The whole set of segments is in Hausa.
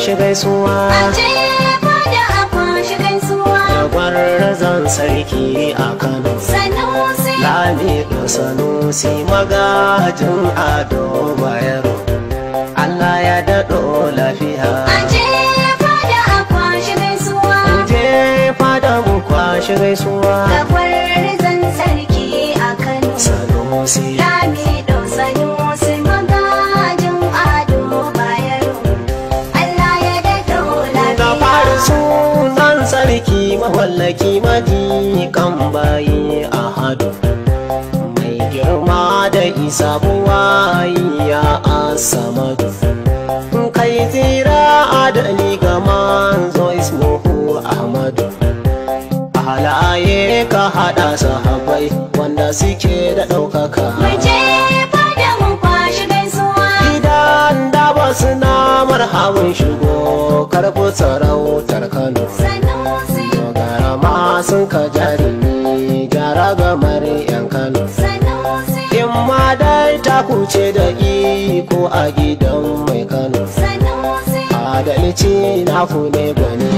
kwashi gaisuwa zan sarki a kano lami da sanusi magajin ado bayero allah ya daɗo lafiya je fada mu kwashi gaisuwa da zan sarki a kano sanusi lami ki maji kan bayi a hadu mai girma da isa buwayi ya asamadu kai tsira adali ga manzo ismuhu ahmadu halaye ka hada sahabai wanda suke da ɗaukaka mace fada mun kwashi gaisuwa idan da ba suna shigo karɓi sarautar kano sun ka jarumi gyara gamar yan kano in ma dai ta kuce da iko a gidan mai kano adalci na ne gani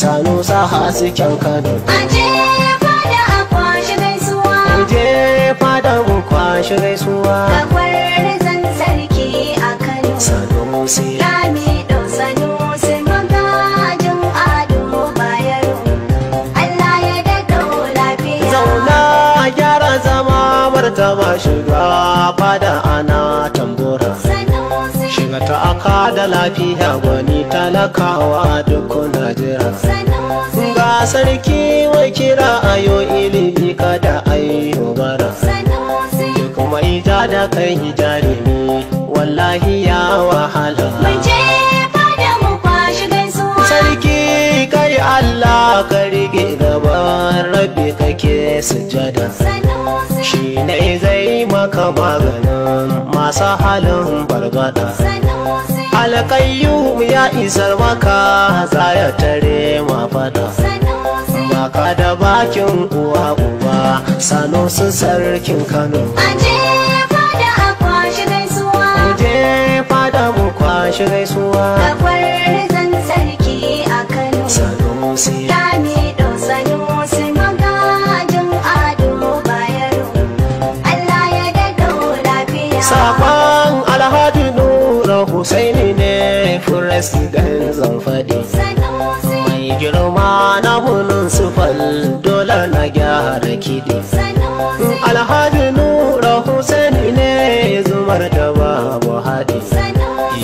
sanu sa hasken kano je fada mu kwashe gaisuwa gama shiga fada ana tambura shiga ta aka da lafiya gwani talakawa duk najira ga sarki wai kira ayo ilimi kada ayo bara kuma ita da kai jarumi wallahi ya wahala sarki kai Allah ka rige gaban rabbi kake sujada shi ne zai maka maganin masu halin bargada alƙayyum ya isar maka za ya tare ma fada maka da bakin uwa uba sano su sarkin kano je fada mu gaisuwa rasi zan faɗi mai girma na hunun sufal dole na gyara kiɗi alhaji nura husaini ne zumar da babu haɗi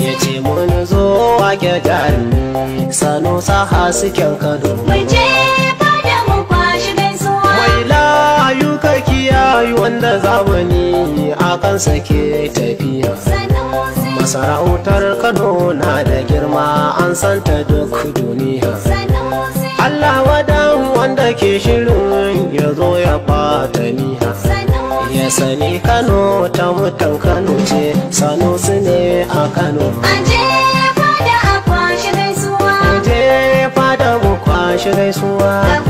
ya ce mun zo wake jari sanu sa hasken kado mai je fada gaisuwa mai layu karki wanda zamani akan sake tafiya sarautar kano na da girma an santa duk duniya Allah wadan wanda ke shirin ya zo ya fata niha ya sani kano ta mutan kano ce sanusi ne a kano Aje fada mu kwashi gaisuwa